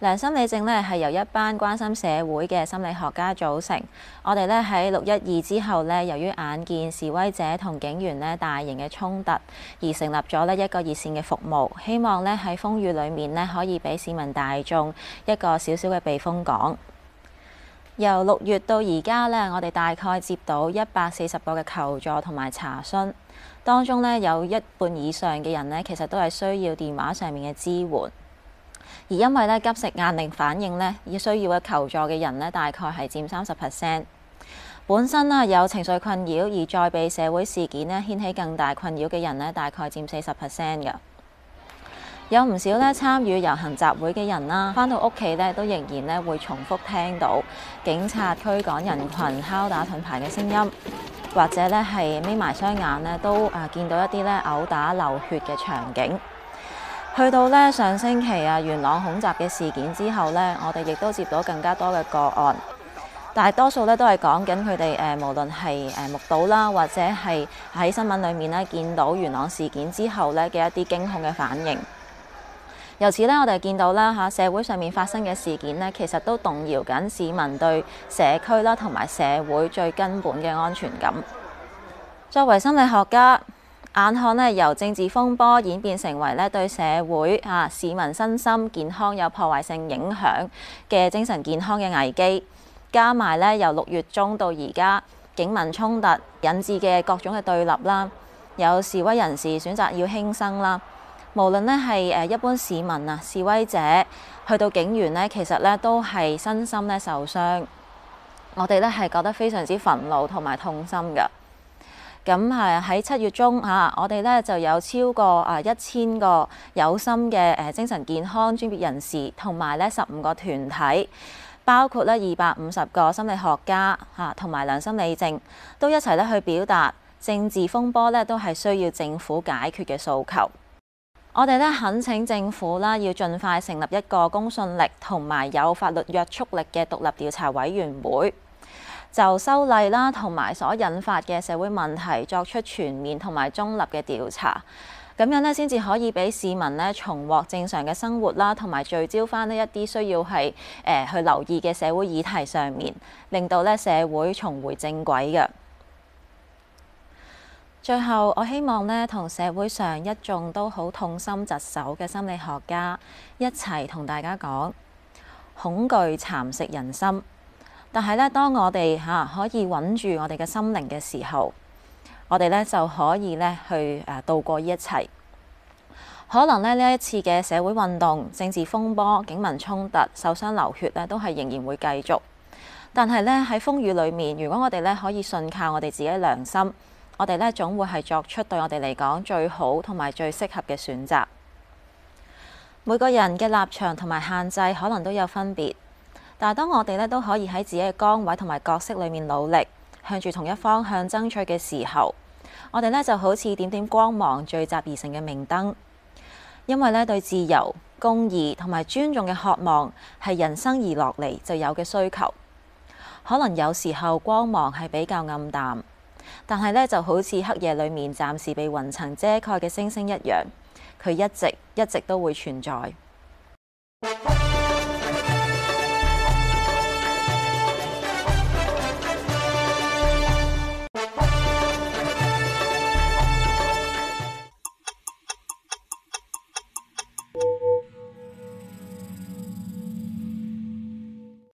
良心理政咧係由一班關心社會嘅心理學家組成。我哋咧喺六一二之後咧，由於眼見示威者同警員咧大型嘅衝突，而成立咗咧一個熱線嘅服務，希望咧喺風雨裡面咧可以俾市民大眾一個少少嘅避風港。由六月到而家咧，我哋大概接到一百四十個嘅求助同埋查詢，當中咧有一半以上嘅人咧其實都係需要電話上面嘅支援。而因為咧急食壓力反應咧，而需要嘅求助嘅人咧，大概係佔三十 percent。本身啦有情緒困擾，而再被社會事件咧掀起更大困擾嘅人咧，大概佔四十 percent 嘅。有唔少咧參與遊行集會嘅人啦，返到屋企咧都仍然咧會重複聽到警察驅趕人群敲打盾牌嘅聲音，或者咧係眯埋雙眼咧都啊見到一啲咧毆打流血嘅場景。去到呢，上星期啊，元朗恐襲嘅事件之後呢，我哋亦都接到更加多嘅個案，大多數呢都係講緊佢哋誒，無論係誒目睹啦，或者係喺新聞裡面呢見到元朗事件之後呢嘅一啲驚恐嘅反應。由此呢，我哋見到啦，嚇社會上面發生嘅事件呢，其實都動搖緊市民對社區啦同埋社會最根本嘅安全感。作為心理學家，眼看咧由政治風波演變成為咧對社會嚇、啊、市民身心健康有破壞性影響嘅精神健康嘅危機，加埋咧由六月中到而家警民衝突引致嘅各種嘅對立啦，有示威人士選擇要輕生啦。無論咧係誒一般市民啊、示威者去到警員咧，其實咧都係身心咧受傷，我哋咧係覺得非常之憤怒同埋痛心嘅。咁誒喺七月中嚇，我哋咧就有超過誒一千個有心嘅誒精神健康專業人士，同埋咧十五個團體，包括咧二百五十個心理學家嚇，同埋良心理政，都一齊咧去表達政治風波咧都係需要政府解決嘅訴求。我哋咧懇請政府啦，要盡快成立一個公信力同埋有法律約束力嘅獨立調查委員會。就修例啦，同埋所引發嘅社會問題作出全面同埋中立嘅調查，咁樣呢，先至可以俾市民呢重獲正常嘅生活啦，同埋聚焦返呢一啲需要係誒、呃、去留意嘅社會議題上面，令到呢社會重回正軌嘅。最後，我希望呢，同社會上一眾都好痛心疾首嘅心理學家一齊同大家講：恐懼蠶食人心。但係咧，當我哋嚇、啊、可以穩住我哋嘅心靈嘅時候，我哋咧就可以咧去誒渡、啊、過呢一切。可能咧呢一次嘅社會運動、政治風波、警民衝突、受傷流血咧，都係仍然會繼續。但係咧喺風雨裏面，如果我哋咧可以信靠我哋自己良心，我哋咧總會係作出對我哋嚟講最好同埋最適合嘅選擇。每個人嘅立場同埋限制可能都有分別。但係當我哋咧都可以喺自己嘅崗位同埋角色裏面努力，向住同一方向爭取嘅時候，我哋咧就好似點點光芒聚集而成嘅明燈，因為咧對自由、公義同埋尊重嘅渴望係人生而落嚟就有嘅需求。可能有時候光芒係比較暗淡，但係咧就好似黑夜裏面暫時被雲層遮蓋嘅星星一樣，佢一直一直都會存在。